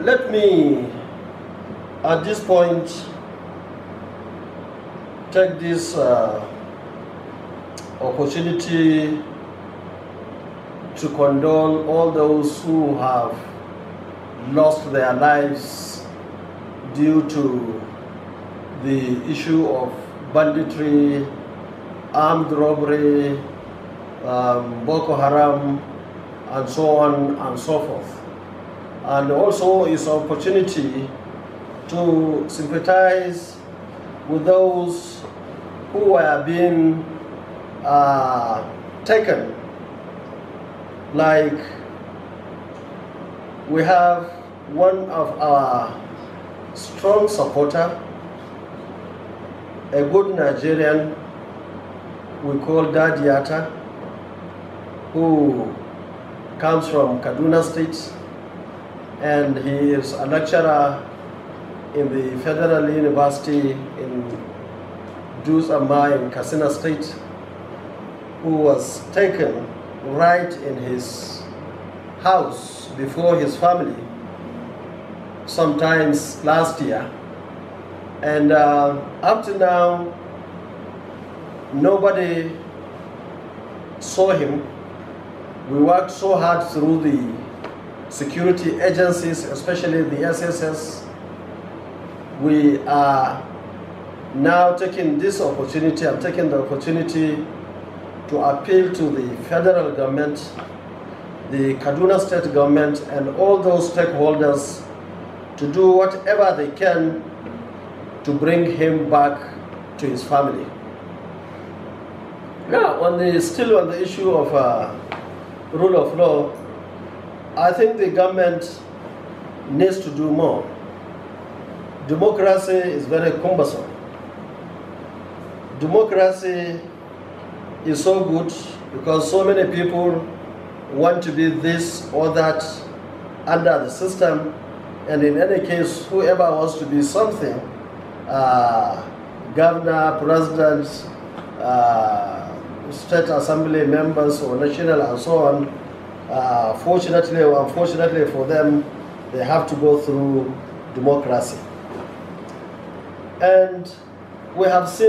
let me at this point take this uh, opportunity to condole all those who have lost their lives due to the issue of banditry, armed robbery, um, Boko Haram, and so on and so forth and also is an opportunity to sympathize with those who are being uh, taken. Like we have one of our strong supporter, a good Nigerian we call Dadiata, who comes from Kaduna State and he is a lecturer in the Federal University in Dusama in Kasina State, who was taken right in his house before his family sometimes last year. And uh, up to now, nobody saw him. We worked so hard through the security agencies, especially the SSS, we are now taking this opportunity, I'm taking the opportunity to appeal to the federal government, the Kaduna state government, and all those stakeholders to do whatever they can to bring him back to his family. Now, on the, still on the issue of uh, rule of law, I think the government needs to do more. Democracy is very cumbersome. Democracy is so good because so many people want to be this or that under the system and in any case whoever wants to be something uh, governor, president, uh, state assembly members or national and so on uh, fortunately or unfortunately for them, they have to go through democracy. And we have seen